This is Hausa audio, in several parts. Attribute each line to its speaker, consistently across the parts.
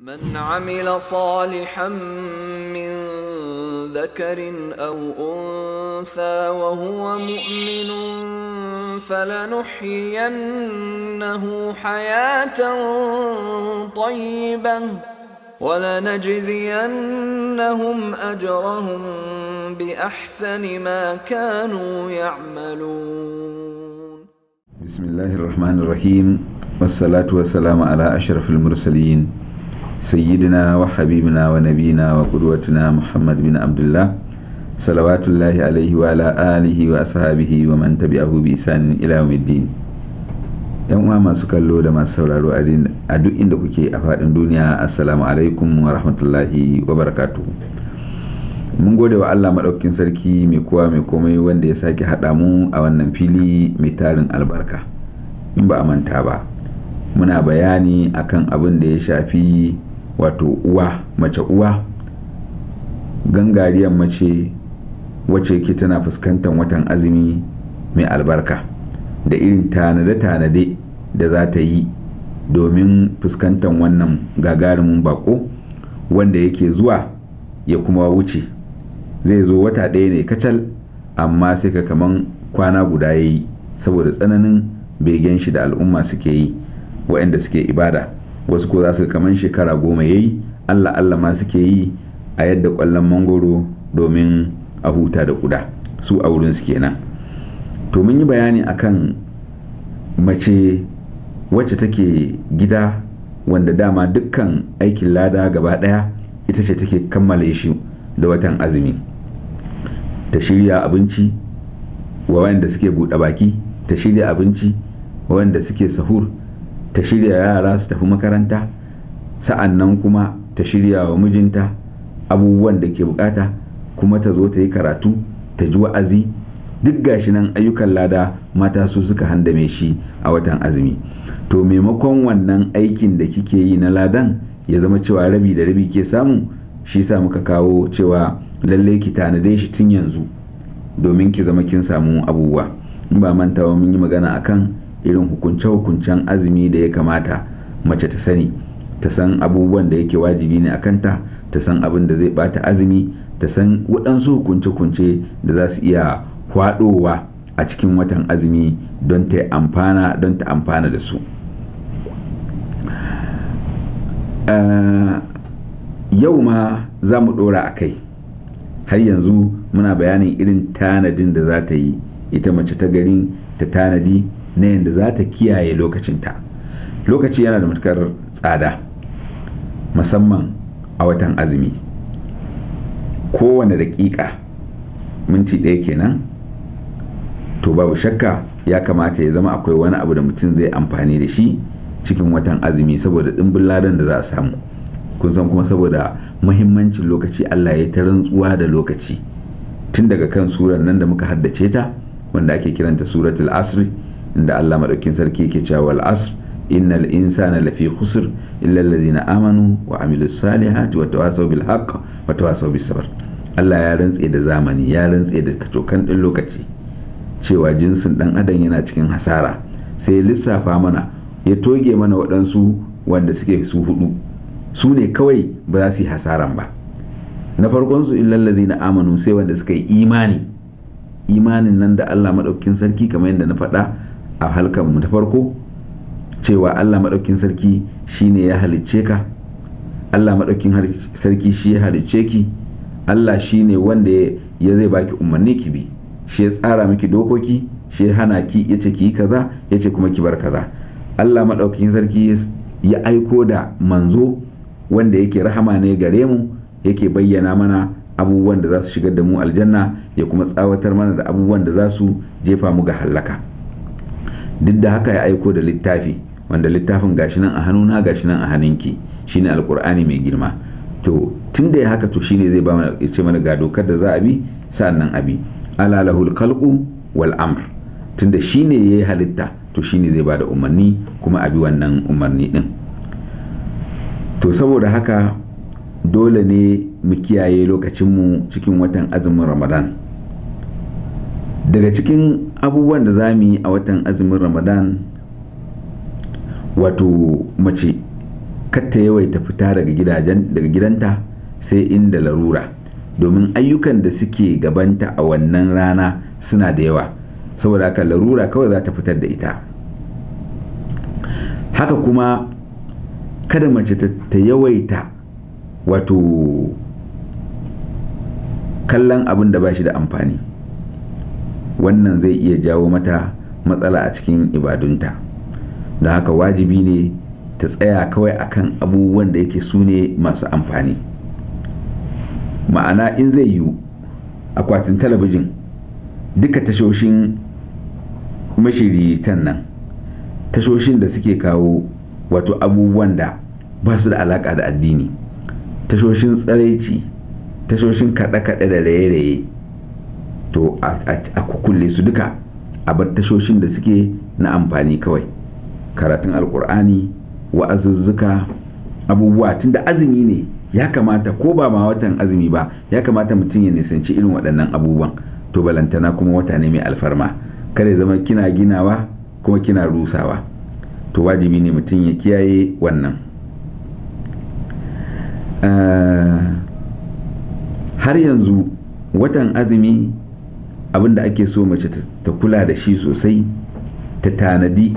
Speaker 1: من عمل صالحا من ذكر او انثى وهو مؤمن فلنحيينه حياه طيبه ولنجزينهم اجرهم باحسن ما كانوا يعملون بسم الله الرحمن الرحيم والصلاه والسلام على اشرف المرسلين سيدنا وحبيبنا ونبينا وقدوتنا محمد بن عبد الله صلوات الله عليه وعلى آله وأصحابه ومن تبعه بإحسان إلى يوم الدين yan uwa masu kallo da masu sauraro a duk inda kuke a faɗin duniya assalamu alaikum wa rahmatullahi wa barakatu mun gode wa allah maɗaukin sarki mai kowa mai komai wanda ya sake haɗa mu a wannan fili mai tarin albarka in ba a manta ba muna bayani akan abin da ya shafi wato uwa mace uwa gangariyar mace wace ke tana fuskantar watan azumi mai albarka da irin tanade-tanade da za ta yi domin fuskantar wannan gagarumin bako wanda yake zuwa ya kuma wuce zai zo wata ɗaya ne kacal amma sai ka kaman kwana guda ya yi saboda tsananin begen shi da al'umma suke yi waɗanda suke ibada wasu ko za su kamar shekara goma ya yi allah allah ma suke yi a yadda kwallon mangoro domin a huta da kuda su a wurin su kenan to mun yi bayani akan mace wacce take gida wanda dama dukkan aikin lada gaba daya ita ce take kammala shi da watan azumi ta shirya abinci wa wanda suke buɗe baki ta shirya abinci wa wanda suke sahur ta shirya yara su tafi makaranta sa'an nan kuma ta shirya wa mijinta abubuwan da ke bukata kuma ta zo ta yi karatu ta ji wa'azi duk gashi nan ayyukan lada mata su suka handame shi a watan azumi to maimakon wannan aikin da kike yi na ladan ya zama cewa rabi da rabi ke samu shi sa muka kawo cewa lalle ki tanade shi tun yanzu domin ki zama kin samu abubuwa in ba mantawa mun yi magana akan irin hukunce-hukuncen azumi da ya kamata mace ta sani ta san abubuwan da yake wajibi ne a kanta ta san abin da zai bata azumi ta san waɗansu hukunce-hukunce da za su iya hwaɗowa a cikin watan azumi don ta amfana don ta amfana da su eh, yau ma za mu ɗora a kai har yanzu muna bayanin irin tanadin da za ta yi ita mace ta garin ta tanadi na yadda za ta kiyaye lokacinta lokaci yana da matukar tsada musamman a watan azumi kowane daƙiƙa minti ɗaya kenan to babu shakka ya kamata ya zama akwai wani abu da mutum zai amfani da shi cikin watan azumi saboda ɗimbin ladan da za a samu kun san kuma saboda muhimmancin lokaci allah ya ta rantsuwa da lokaci tun daga kan surar nan da muka haddace ta wanda ake kiranta suratul asri inda Allah madaukin sarki yake cewa wal asr innal insana lafi khusr illa alladhina amanu wa amilus salihati wa tawasaw bil haqq wa tawasaw bis sabr Allah ya rantse da zamani ya rantse da kacokan din lokaci cewa jinsin dan adam yana cikin hasara sai lissafa mana ya toge mana waɗansu wanda suke su hudu su ne kawai ba za su yi hasaran ba na farkon su na amanu sai wanda suka yi imani imanin nan da Allah maɗaukin sarki kamar yadda na faɗa a halkar mu ta farko cewa Allah maɗaukin sarki shine ya halicce ka Allah maɗaukin sarki shi ya halicce ki Allah shine wanda ya zai baki umarni ki bi shi ya tsara miki dokoki shi ya hana ki ya ce ki yi kaza ya ce kuma ki bar kaza Allah maɗaukin sarki ya aiko da manzo wanda yake rahama ne gare mu yake bayyana mana abubuwan da za su shigar da mu aljanna ya kuma tsawatar mana da abubuwan da za su jefa mu ga hallaka. duk da haka ya aiko da littafi wanda littafin gashi nan a hannuna gashi nan a hannunki shine alkur'ani mai girma to tun da ya haka to shine zai ba mana ya ce mana ga dokar da za a bi sa'annan abi ala lahul khalqu wal amr tun da shine yayi halitta to shine zai ba da umarni kuma a bi wannan umarni din to saboda haka dole ne mu kiyaye lokacinmu cikin watan azumin ramadan daga cikin abubuwan da za mu yi a watan azumin ramadan wato mace katta yawaita fita daga gidanta sai inda larura domin ayyukan da suke gabanta a wannan rana suna da yawa saboda haka larura kawai za ta fitar da ita haka kuma kada mace ta yawaita wato kallon abin da ba shi da amfani wannan zai iya jawo mata matsala a cikin ibadunta don haka wajibi ne ta tsaya kawai akan abubuwan da yake su ne masu amfani ma'ana in zai yiwu akwatin talabijin duka tashoshin mashiritan nan tashoshin da suke kawo wato abubuwan da ba su da alaka da addini tashoshin tsaraici tashoshin kaɗe-kaɗe da raye-raye to a kukulle su duka a bar tashoshin da suke na amfani kawai karatun alkur'ani wa'azuzzuka abubuwa tun da azumi ne ya kamata ko ba ma watan azumi ba ya kamata mutum ya nisanci irin waɗannan abubuwan to balantana kuma wata ne mai alfarma kada zama kina ginawa kuma kina rusawa to wajibi ne mutum ya kiyaye wannan eh, har yanzu watan azumi abin da ake so mace ta kula da shi sosai ta tanadi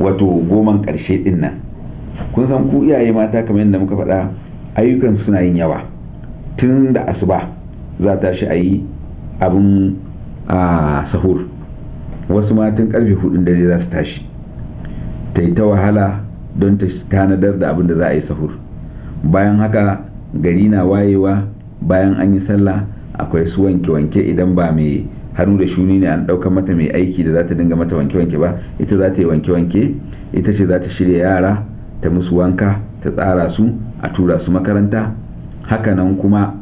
Speaker 1: wato goman ƙarshe ɗin nan kun san ku iyaye mata kamar yadda muka faɗa ayyukan suna yin yawa tun da asuba za ta shi a yi abin a sahur wasu matan karfe hudun dare za su tashi ta yi ta wahala don ta tanadar da abin da za a yi sahur bayan haka gari na wayewa bayan an yi sallah akwai su wanke-wanke idan ba mai hannu da shuni ne an ɗaukar mata mai aiki da za ta dinga mata wanke-wanke ba ita za ta yi wanke-wanke ita ce za ta shirya yara ta musu wanka ta tsara su a tura su makaranta hakanan kuma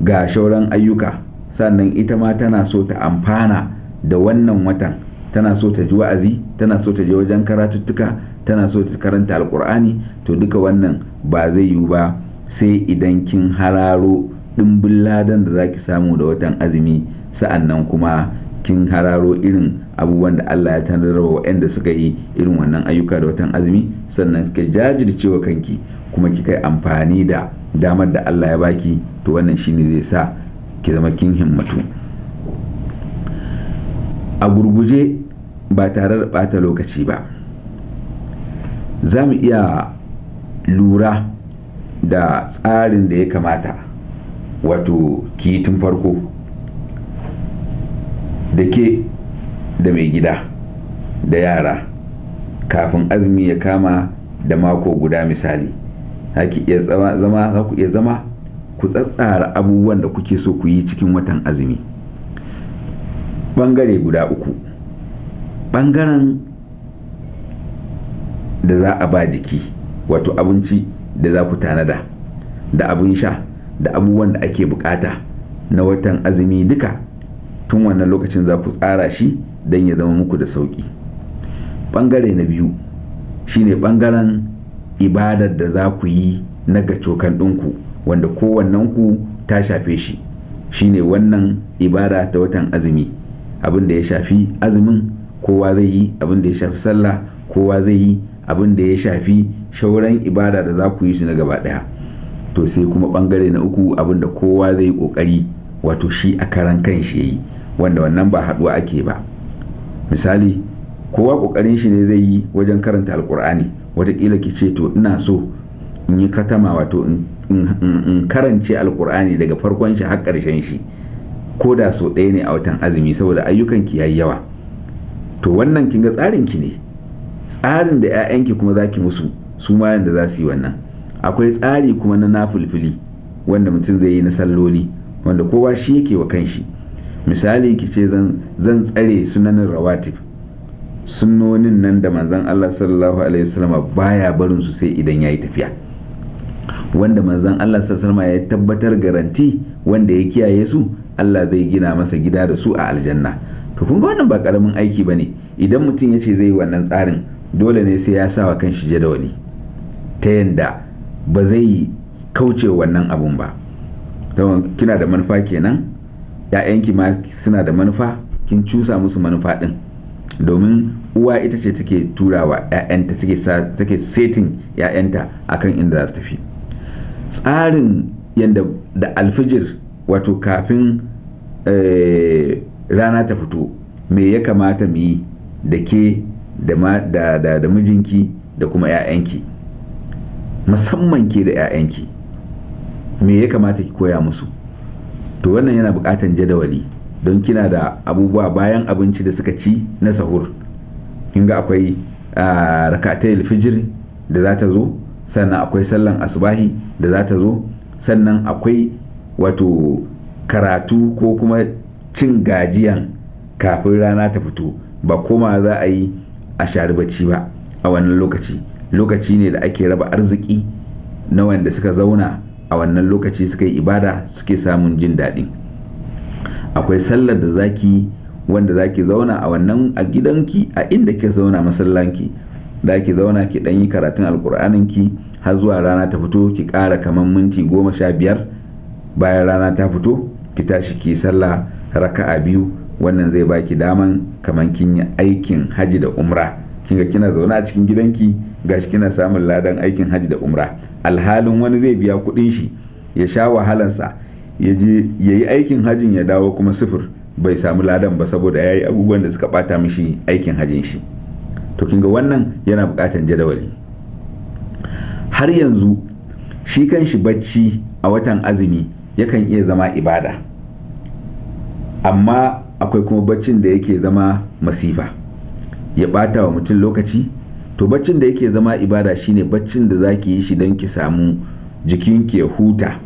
Speaker 1: ga shauran ayyuka sannan ita ma tana so ta amfana da wannan watan tana so ta ji wa'azi tana so ta je wajen karatuttuka tana so ta karanta alkur'ani to duka wannan ba zai yiwu ba sai idan kin hararo ɗimbin ladan da zaki samu da watan azumi sa'an nan kuma kin hararo irin abubuwan da Allah ya tanarwa wa da suka yi irin wannan ayyuka da watan azumi sannan suka jajircewa kanki kuma kika yi amfani da damar da Allah ya baki to wannan shine zai sa ki zama kin himmatu a gurguje ba tare da ɓata lokaci ba za mu iya lura da tsarin da ya kamata wato ki tun farko da ke da mai gida da yara kafin azumi ya kama da mako guda misali haki iya zama ku iya zama ku tsatsara abubuwan da kuke so ku yi cikin watan azumi bangare guda uku bangaren da za a ba jiki wato abinci da za ku tanada da abun sha da abubuwan da ake bukata na watan azumi duka tun wannan lokacin za ku tsara shi don ya zama muku da sauƙi ɓangare na biyu shine ɓangaren ibadar da za ku yi na ga cokan ɗinku wanda kowannenku ta shafe shi shine wannan ibada ta watan azumi abin da ya shafi azumin kowa zai yi abin da ya shafi sallah kowa zai yi abin da ya shafi shauran ibada da za ku yi su na gaba ɗaya to sai kuma ɓangare na uku abin da kowa zai yi ƙoƙari wato shi a karan kan shi ya yi wanda wannan ba haɗuwa ake ba misali kowa ƙoƙarin shi ne zai yi wajen karanta alƙur'ani watakila ki ce to ina so in yi katama wato in karance alƙur'ani daga farkon shi har ƙarshen shi ko da so ɗaya ne a watan azumi saboda ayyukan ki yayi yawa to wannan kin ga tsarin ki ne tsarin da 'ya'yanki kuma za ki musu su ma yanda za su yi wannan akwai tsari kuma na nafulfili wanda mutum zai yi na salloli wanda kowa shi yake wa kanshi misali ki ce zan tsare sunanin rawatif sunonin nan da manzan Allah sallallahu alaihi wasallama baya barin su sai idan yayi tafiya wanda manzan Allah sallallahu alaihi ya tabbatar garanti wanda ya kiyaye su Allah zai gina masa gida da su a aljanna to kun wannan ba karamin aiki ne idan mutum ya ce zai wannan tsarin dole ne sai ya sa wa kanshi jadawali ta yanda ba zai kauce wannan abun ba kina da manufa kenan 'ya'yanki ma suna da manufa kin cusa musu manufa ɗin domin uwa ita ce take turawa 'ya'yanta take setin 'ya'yanta akan inda za su tafi tsarin yadda da alfijir wato kafin eh, rana ta fito me ya kamata mu yi da ke da mijinki da kuma 'ya'yanki musamman ke da 'ya'yanki me ya kamata ki koya musu to wannan yana bukatan jadawali don kina da abubuwa bayan abinci da suka ci na sahur kin ga akwai rakatai fijir da za ta zo sannan akwai sallan asubahi da za ta zo sannan akwai wato karatu ko kuma cin gajiyan kafin rana ta fito ba koma za a yi a sharibaci ba a wannan lokaci lokaci ne da ake raba arziki na wanda suka zauna a wannan lokaci suka yi ibada suke samun jin daɗi akwai sallar da zaki wanda zaki zauna a wannan a gidanki a inda ke zauna masallanki da ki zauna ki ɗan yi karatun alkur'anin ki har zuwa rana ta fito ki ƙara kamar minti goma sha biyar bayan rana ta fito ki tashi ki sallah raka'a biyu wannan zai baki daman kamar kin yi aikin haji da umra kiga kina zaune a cikin gidanki gashi kina samun ladan aikin hajji da umra alhalin wani zai biya kudin shi ya sha wahalansa ya yi aikin hajjin ya dawo kuma sifir bai samu ladan ba saboda ya yi abubuwan da suka bata mishi aikin hajjin shi to kinga wannan yana bukatan jadawali har yanzu shi kan shi bacci a watan azumi yakan iya zama ibada amma akwai kuma baccin da yake zama masifa ya bata wa mutum lokaci to baccin da yake zama ibada shine baccin da zaki yi shi don ki samu jikinki ya huta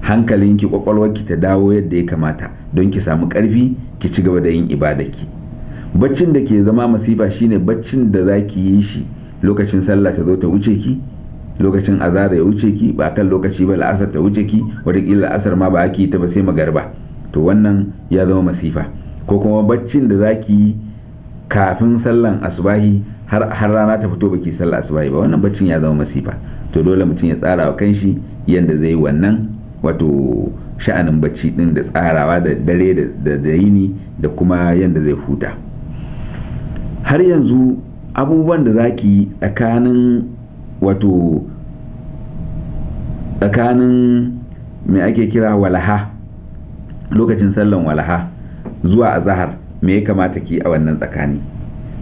Speaker 1: hankalinki kwakwalwarki ta dawo yadda ya kamata don ki samu karfi ki ci gaba da yin ibada ki baccin da ke zama masifa shine baccin da zaki yi shi lokacin sallah ta zo ta wuce ki lokacin azara ya wuce ki ba kan lokaci ba la'asar ta wuce ki wataƙila la'asar ma ba ake ta ba sai magarba to wannan ya zama masifa ko kuma baccin da zaki yi kafin sallan asubahi har rana ta fito baki sallar asubahi ba wannan baccin ya zama masifa to dole mutum ya tsara wa kanshi yadda zai wannan wato sha'anin bacci din da tsarawa da dare da yini da kuma yadda zai huta har yanzu abubuwan da za ki tsakanin wato tsakanin me ake kira walaha lokacin sallan walaha zuwa azahar me ya kamata ki a wannan tsakani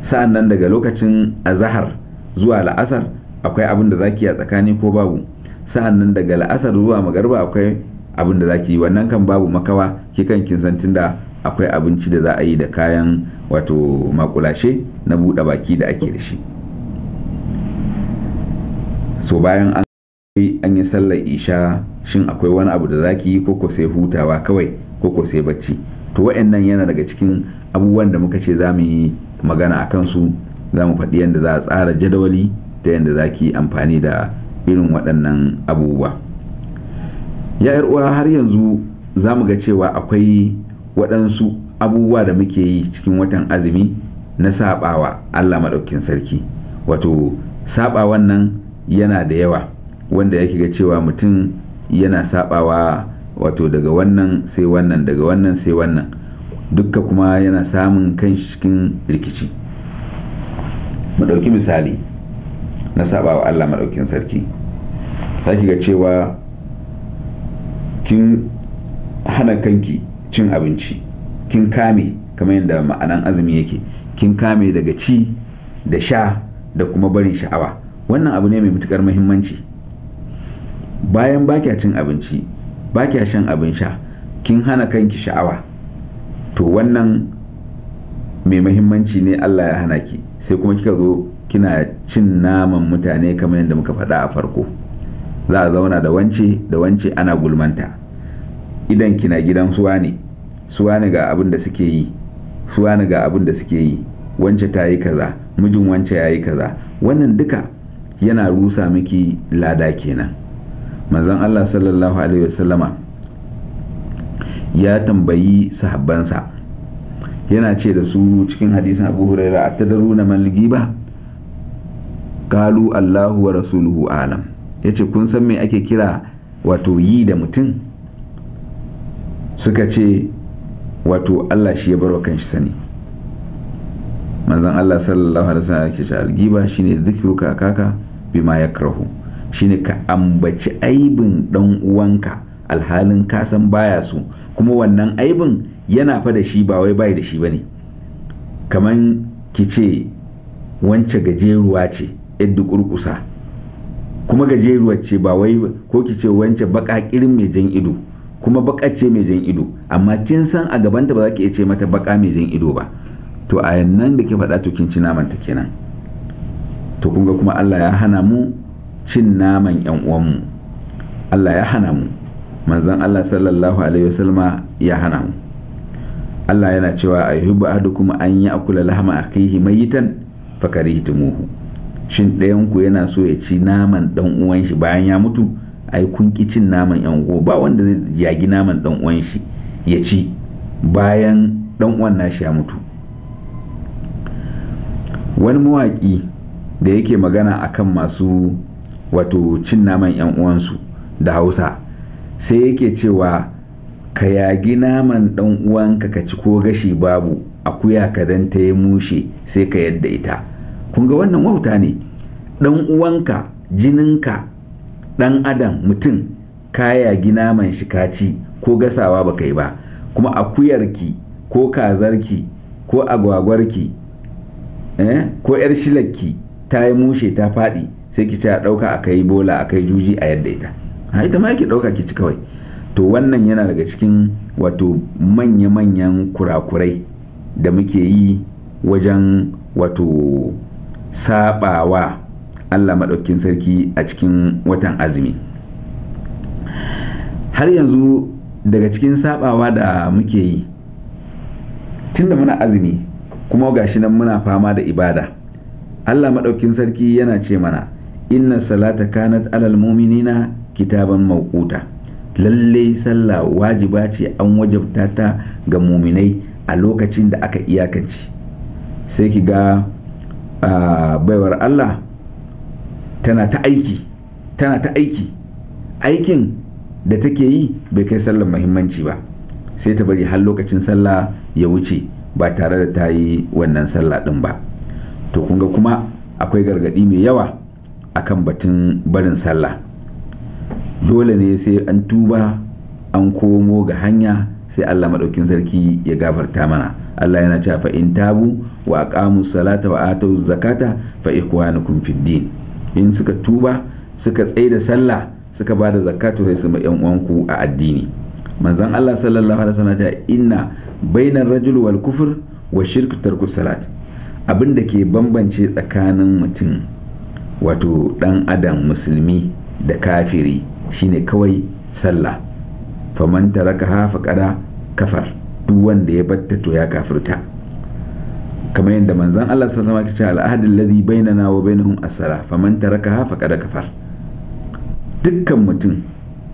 Speaker 1: sa'an nan daga lokacin azahar zuwa la'asar akwai abin da zaki a tsakani ko babu sa'an nan daga la'asar zuwa magarba akwai abin da zaki wannan kan babu makawa ki kan kin san tunda akwai abinci da za a yi da kayan wato makulashe na buɗe baki da ake da shi so bayan an an yi sallar isha shin akwai wani abu da zaki yi ko sai hutawa kawai ko sai bacci to wa'annan yana daga cikin abubuwan da muka ce za mu yi magana a kansu za mu faɗi yadda za a tsara jadawali ta yadda za ki amfani da irin waɗannan abubuwa ya uwa har yanzu za mu ga cewa akwai waɗansu abubuwa da muke yi cikin watan azumi na saɓawa allah maɗaukin sarki wato saɓawan nan yana da yawa wanda yake ga cewa mutum yana saɓawa wato daga wannan sai wannan daga wannan sai wannan dukka kuma yana samun kan cikin rikici mu misali na saba wa allah maɗaukin sarki za ga cewa kin hana kanki cin abinci kin kame kamar yadda ma'anan azumi yake kin kame daga ci da sha da kuma barin sha'awa wannan abu ne mai matukar muhimmanci bayan bakya cin abinci ba kya shan abin sha kin hana kanki sha'awa to wannan mai muhimmanci ne Allah ya hana ki sai kuma kika zo kina cin naman mutane kamar yadda muka faɗa a farko za a zauna da wance da wance ana gulmanta idan kina gidan suwa ne suwa ne ga abin da suke yi suwa ne ga abin da suke yi wance ta yi kaza mijin wance ya yi kaza wannan duka yana rusa miki lada kenan manzon Allah sallallahu alaihi wasallama ya tambayi sahabbansa yana ce da su cikin hadisin abu huraira a tadaruna man ba kalu allahu wa rasuluhu alam yace kun san me ake kira wato yi da mutum suka ce wato allah shi ya barwa kanshi sani manzan allah sallallahu alaihi wasallam ya ce algiba shine zikruka kaka bima yakrahu shine ka ambaci aibin dan uwanka alhalin kasan baya su kuma wannan aibin yana fa da shi ba wai bai da shi bane kaman ki ce wance gajeruwa ce yadda kurkusa kuma gajeruwa ce ba wai ko ki ce wance baƙaƙirin mai jan ido kuma baƙa ce mai jan ido amma kin san a gabanta ba za ki iya ce mata baka mai jan ido ba to a yannan da ki faɗa to kin ci naman ta kenan to kun ga kuma Allah ya hana mu cin naman yan uwanmu Allah ya hana mu manzon Allah sallallahu alaihi wasallama ya hana mu Allah yana cewa a yuhibbu kuma an ya'kula lahma kai mayitan fakarihtumuhu shin ɗayan ku yana so ya ci naman dan uwan shi bayan ya mutu ai kun ki cin naman yan uwa ba wanda zai yagi naman dan uwan shi ya ci bayan dan uwan nashi ya mutu wani mawaƙi da yake magana akan masu wato cin naman 'yan uwansu da hausa sai yake cewa ka yagi naman dan uwanka ka ci ko gashi babu akuya ka dan ta yi mushe sai ka yadda ita kun ga wannan wauta ne dan uwanka jininka dan adam mutum ka yagi naman shi ka ci ko gasawa ba kai ba kuma akuyarki ko kazarki ko agwagwarki eh, ko 'yar shilakki ta yi mushe ta faɗi sai ki ce a ɗauka a kai bola a kai juji a yadda ita ha ita ma yake ɗauka ki ci kawai to wannan yana daga cikin wato manya-manyan kurakurai da muke yi wajen wato saɓawa allah maɗaukin sarki a cikin watan azumi har yanzu daga cikin saɓawa da muke yi tunda muna azumi kuma gashi nan muna fama da ibada allah maɗaukin sarki yana ce mana inna salata kanat alal muminina kitaban mawquta lallai sallah wajiba ce an wajabta ta ga muminai a lokacin da aka iyakance sai ki ga baiwar Allah tana ta aiki tana ta aiki aikin da take yi bai kai sallar muhimmanci ba sai ta bari har lokacin sallah ya wuce ba tare da ta yi wannan sallah din ba to kun ga kuma akwai gargadi mai yawa akan batun barin sallah dole ne sai an tuba an komo ga hanya sai Allah maɗaukin sarki ya gafarta mana Allah yana cewa fa in tabu wa aqamu salata wa atu zakata fa ikhwanukum fid din in suka tuba suka tsaye da sallah suka ba da zakatu sai su ma yan uwanku a addini manzon Allah sallallahu alaihi wasallam ta inna bainar rajul wal kufr wa shirku tarku salat abin ke bambance tsakanin mutum wato ɗan adam musulmi da kafiri shine kawai sallah faman taraka hafa kafar duk wanda ya batta to ya kafirta kamar yadda manzan Allah sallallahu alaihi wasallam ya ce al'ahadin ladhi bainana wa bainahum as faman taraka hafa kafar dukkan mutum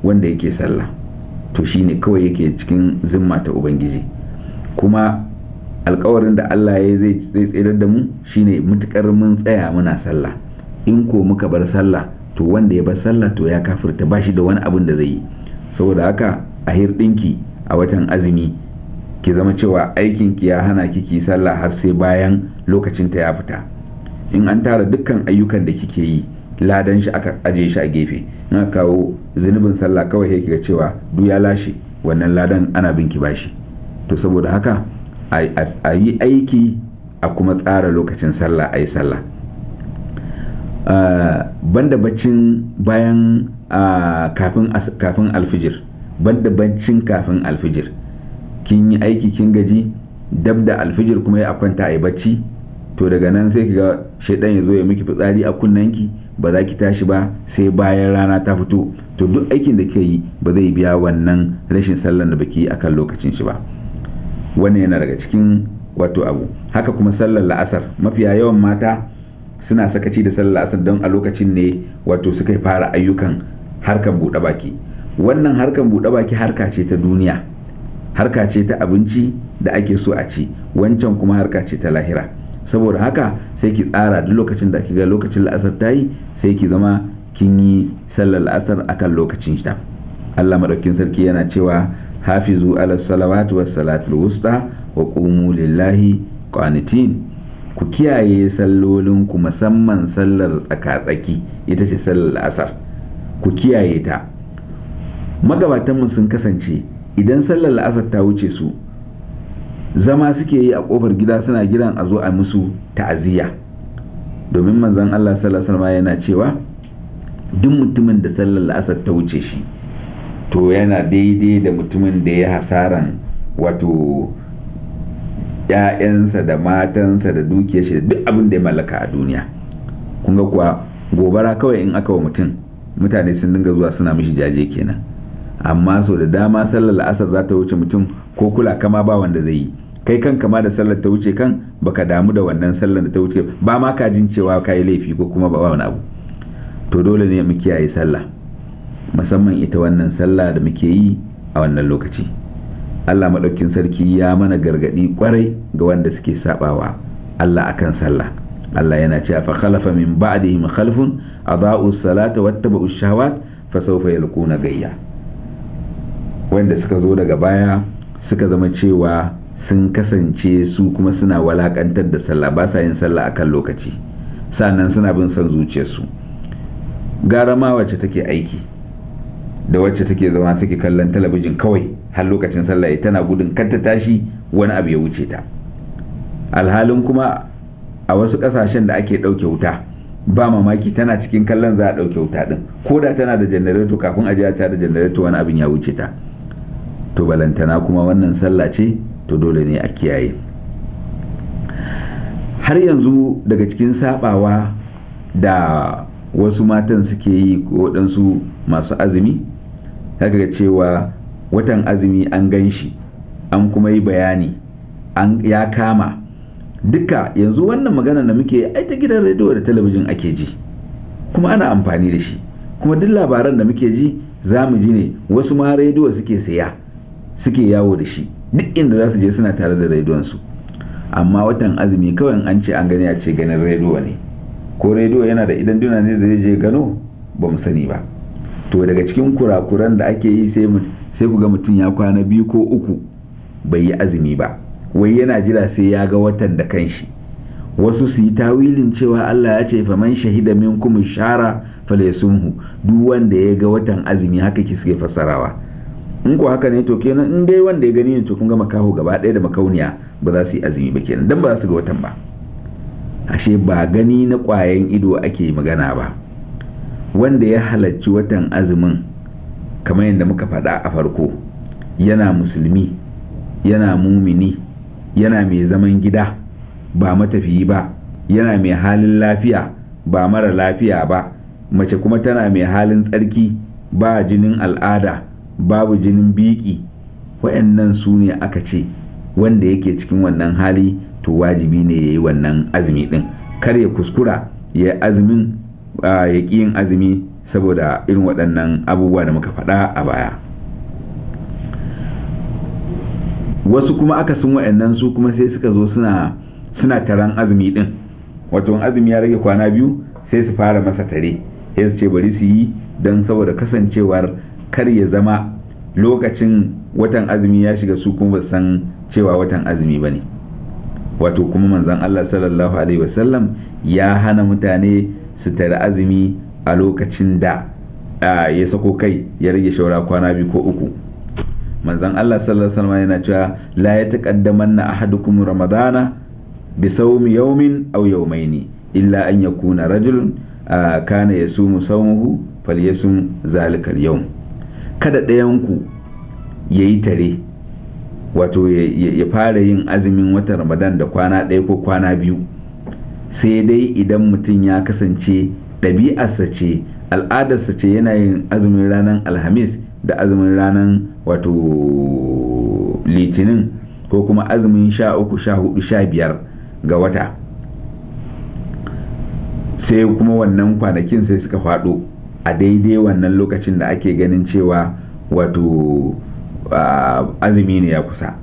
Speaker 1: wanda yake sallah to shine kawai yake cikin zimma ta ubangiji kuma alkawarin da Allah ya zai tsayar da mu shine mutukar mun tsaya muna sallah in ko muka bar sallah to wanda ya bar sallah to ya kafirta ba shi da wani abin da zai yi saboda haka a hirɗinki a watan azumi ki zama cewa aikin ki ya hana kiki sallah har sai bayan lokacin ta ya fita in an tara dukkan ayyukan da kike yi ladan shi aka aje shi a gefe na kawo zunubin sallah kawai sai kiga cewa du ya lashe wannan ladan ana bin ki bashi to saboda haka a yi aiki a kuma tsara lokacin sallah a yi sallah Ah, banda baccin bayan ah, kafin alfijir banda baccin kafin alfijir kin yi aiki kin gaji dab da alfijir kuma ya kwanta a yi bacci to daga nan sai ga shaidan ya zo ya miki fitsari a kunnanki ba za ki tashi ba sai bayan rana ta fito to duk aikin da kika yi ba zai biya wannan rashin sallar da baki akan lokacin shi ba wannan yana daga cikin wato abu haka kuma sallar la'asar mafiya yawan mata suna sakaci da sallar asar don a lokacin ne wato suka fara ayyukan harkar buɗe baki wannan harkar buɗe baki harka ce ta duniya harka ce ta abinci da ake so a ci wancan kuma harka ce ta lahira saboda haka sai ki tsara duk lokacin da ga lokacin la'asar ta yi sai ki zama kin yi sallar la'asar akan lokacin ta Allah maɗaukin sarki yana cewa hafizu ala salawatu was salatul wusta wa qumu lillahi qanitin ku kiyaye sallolinku musamman sallar tsaka-tsaki ita ce sallar asar ku kiyaye ta magabatanmu sun kasance idan sallar asar ta wuce su zama suke yi a kofar gida suna gidan a zo a musu ta'aziyya domin manzan Allah sallar ma yana cewa duk mutumin da sallar asar ta wuce shi to yana daidai da mutumin da ya hasaran wato 'ya'yansa da matansa da dukiya shi da duk abin da ya mallaka a duniya kun ga kuwa gobara kawai in aka wa mutum mutane sun dinga zuwa suna mishi jaje kenan amma so da dama sallar la'asar za ta wuce mutum ko kula kama ba wanda zai yi kai kan kama da sallar ta wuce kan baka damu da wannan sallar da ta wuce ba ma ka jin cewa ka yi laifi ko kuma ba wani abu to dole ne mu kiyaye sallah musamman ita wannan sallah da muke yi a wannan lokaci Allah maɗaukin sarki ya mana gargaɗi kwarai ga wanda suke sabawa Allah akan sallah Allah yana cewa fa khalafa min ba'dihim khalfun adaa'u salata wattaba'u shahawat fa sawfa yalquna gayya wanda suka zo daga baya suka zama cewa sun kasance su kuma suna walakantar da sallah ba sa yin sallah akan lokaci sannan suna bin son zuciyarsu gara ma wacce take aiki da wacce take zama take kallon talabijin kawai har lokacin sallah tana gudun kar ta tashi wani abu ya wuce ta alhalin kuma a wasu kasashen da ake ɗauke wuta ba mamaki tana cikin kallon za a ɗauke wuta ɗin ko da tana da janareto kafin a jiya ta da janareto wani abin ya wuce ta to balantana kuma wannan sallah ce to dole ne a kiyaye har yanzu daga cikin sabawa da wasu matan suke yi ko waɗansu masu azumi ga cewa watan azumi an gan shi an kuma yi bayani an ya kama duka yanzu wannan magana da muke ai ta gidan rediyo da talabijin ake ji kuma ana amfani da shi kuma duk labaran da muke ji za mu ji ne wasu ma rediyo suke saya suke yawo da shi duk inda za su je suna tare da su amma watan azumi kawai an ce an gani a ce ganin rediyo ne ko rediyo yana da idan duna ne zai je gano ba mu sani ba to daga cikin kurakuran da ake yi sai mu. sai ku ga mutum ya kwana biyu ko uku bai yi azumi ba wai yana jira sai ya ga watan da kanshi wasu su yi tawilin cewa Allah ya ce faman shahida min kuma shara falesunhu duk wanda ya ga watan azumi haka ki suke fasarawa in ko haka ne to kenan in dai wanda ya gani ne to kun ga makaho gaba ɗaya da makauniya ba za su yi azumi ba kenan dan ba za su ga watan ba ashe ba gani na ƙwayan ido ake magana ba wanda ya halarci watan azumin kamar yadda muka faɗa a farko yana musulmi yana mumini yana mai zaman gida ba matafiyi ba yana mai halin lafiya ba mara lafiya ba mace kuma tana mai halin tsarki ba jinin al'ada babu jinin biki waɗannan su ne aka ce wanda yake cikin wannan hali to wajibi ne ya yi wannan azumi ɗin kar ya kuskura ya azumin ah, ya ƙi yin azumi saboda irin waɗannan abubuwa da muka faɗa a baya wasu kuma aka akasin waɗannan su kuma sai suka zo suna suna taron azumi ɗin wato azumi ya rage kwana biyu sai su fara masa tare sai ce bari su yi don saboda kasancewar kar ya zama lokacin watan azumi ya shiga su kuma san cewa watan azumi ba ne wato kuma manzan allah sallallahu alaihi wasallam ya hana mutane su tare azumi a lokacin da ya sako kai ya rage shaura kwana biyu ko uku manzan Allah sallallahu alaihi wasallam yana cewa la yataqaddamanna ahadukum ramadana bi sawmi yawmin aw yawmaini illa an yakuna rajul kana yasumu sawmuhu falyasum zalikal yawm kada ɗayan ku yayi tare wato ya fara yin azumin watan ramadan da kwana ɗaya ko kwana biyu sai dai idan mutum ya kasance ɗabi'arsa ce al'adarsa ce yana yin azumin ranar alhamis da azumin ranar wato litinin ko kuma azumin sha uku sha hudu sha biyar ga wata sai kuma wannan kwanakin sai suka faɗo a daidai wannan lokacin da ake ganin cewa wato azumi ne ya kusa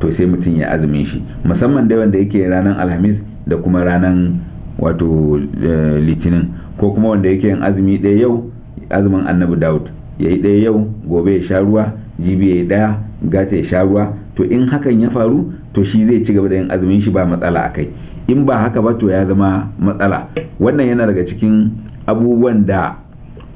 Speaker 1: to sai mutum ya azumin shi musamman dai wanda yake ranar alhamis da kuma ranar wato eh, litinin ko kuma wanda yake yin azumi ɗaya yau azumin annabi daud ya yi ɗaya yau gobe ya sha ruwa jibi ya yi ɗaya gata ya sha ruwa to in hakan ya faru to shi zai ci gaba da yin azumin shi ba matsala a kai in ba haka ba to ya zama matsala wannan yana daga cikin abubuwan da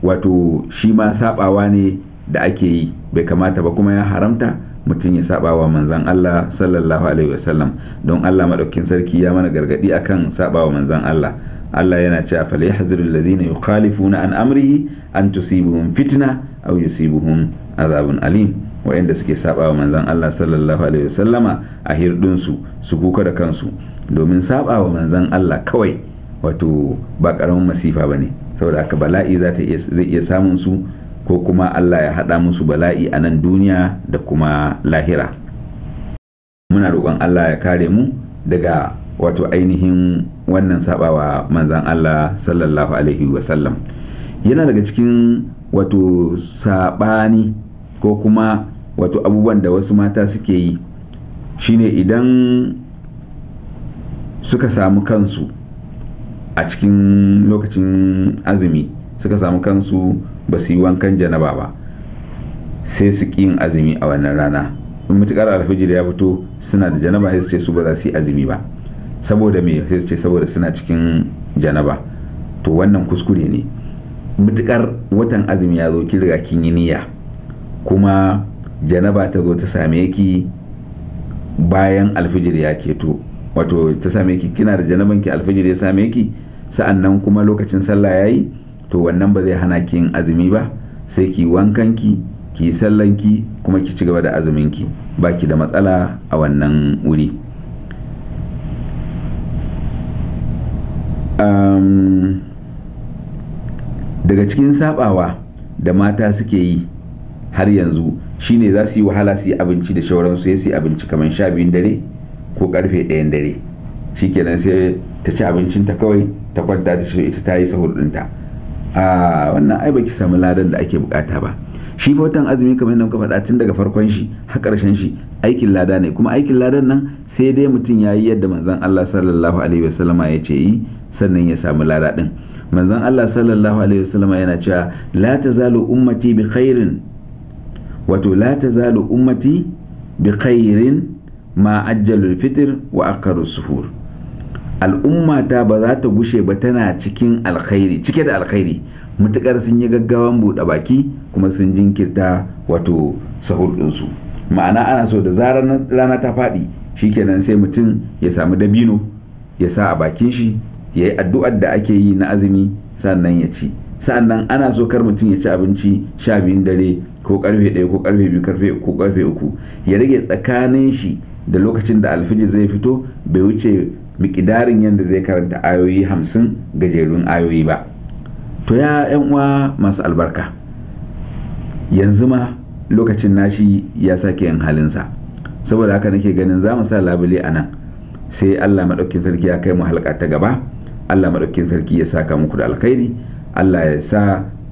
Speaker 1: wato shi ma sabawa ne da ake yi bai kamata ba kuma ya haramta mutum ya saba wa manzan Allah sallallahu alaihi wasallam don Allah madaukin sarki ya mana gargadi akan saba wa manzan Allah Allah yana cewa fal yahzirul ladina yukhalifuna an amrihi an tusibuhum fitna aw yusibuhum azabun alim waɗanda suke saba wa manzan Allah sallallahu alaihi wasallama a hirɗunsu su kuka da kansu domin saba wa manzan Allah kawai wato ba karamin masifa ba ne saboda haka bala'i zai iya samun su ko kuma Allah ya haɗa musu bala'i a nan duniya da kuma lahira muna roƙon Allah ya kare mu daga wato ainihin wannan sabawa manzan Allah sallallahu alaihi wasallam yana daga cikin wato saɓani ko kuma wato abubuwan da wasu mata suke yi shine idan suka samu kansu a cikin lokacin azumi suka samu kansu ba su yi wankan janaba ba sai su ƙin azumi a wannan rana in mutuƙar alfijir ya fito suna da janaba sai su ce su ba za su yi azumi ba saboda me sai su ce saboda suna cikin janaba to wannan kuskure ne mutuƙar watan azumi ya zo ki riga kin yi niyya kuma janaba ta zo ta same ki bayan alfijir ya keto wato ta same ki kina da janaban ki alfijir ya same ki sa'annan kuma lokacin sallah yayi to wannan ba zai hana ki yin azumi ba sai ki wankanki ki sallanki kuma ki ci gaba da ki ba ki da matsala a wannan wuri um, daga cikin sabawa da mata suke yi har yanzu shine za su yi wahala su yi abinci da shauransu ya su yi abinci kamar sha biyun dare ko karfe ɗayan dare shikenan sai ta ci abincinta kawai ta kwanta ta shi ita ta yi sahur ɗinta a wannan ai baki samu ladan da ake bukata ba shi fa watan azumi kamar yadda muka faɗa tun daga farkon shi har ƙarshen shi aikin lada ne kuma aikin ladan nan sai dai mutum ya yi yadda manzon Allah sallallahu alaihi wasallama ya ce yi sannan ya samu lada din manzon Allah sallallahu alaihi wasallama yana cewa la tazalu ummati bi khairin wato la tazalu ummati bi khairin ma ajjalul fitr wa aqarrus suhur al'ummata ba za ta gushe ba tana cikin alkhairi cike da alkhairi mutukar sun yi gaggawan buɗe baki kuma sun jinkirta wato sahur ɗinsu ma'ana ana so da zarar rana ta faɗi shikenan sai mutum ya samu dabino ya sa a bakin shi ya yi addu'ar da ake yi na azumi sannan ya ci sannan ana so kar mutum ya ci abinci sha biyun dare ko karfe ɗaya ko karfe biyu karfe ko karfe uku ya rage tsakanin shi da lokacin da alfijir zai fito bai wuce miƙidarin yadda zai karanta ayoyi hamsin gajerun ayoyi ba to ya yan uwa masu albarka yanzu ma lokacin nashi ya sake yin halinsa saboda haka nake ganin za mu sa labule a nan sai allah maɗaukin sarki ya kai mu halka ta gaba allah maɗaukin sarki ya saka muku da alkhairi allah ya sa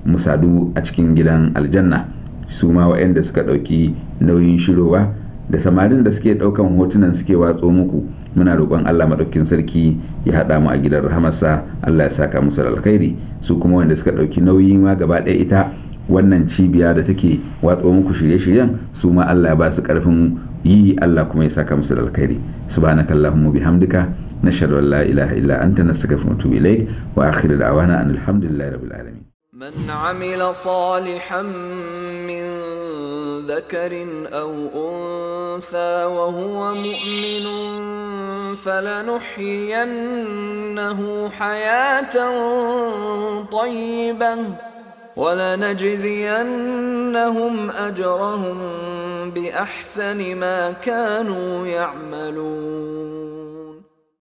Speaker 1: mu sadu a cikin gidan aljanna su ma waɗanda suka ɗauki nauyin shirowa da samarin da suke daukan hotunan suke watso muku muna roƙon Allah maɗaukin sarki ya haɗa mu a gidan rahamarsa Allah ya saka musu alkhairi su kuma wanda suka ɗauki nauyi ma gaba ɗaya ita wannan cibiya da take watso muku shirye-shiryen su ma Allah ya ba su ƙarfin yi Allah kuma ya saka musu alkhairi subhanakallahumma bihamdika nashhadu an la ilaha illa anta nastaghfiruka wa atubu ilaik wa akhiru da'wana alhamdulillahi rabbil alamin من عمل صالحا من ذكر او انثى وهو مؤمن فلنحيينه حياه طيبه ولنجزينهم اجرهم باحسن ما كانوا يعملون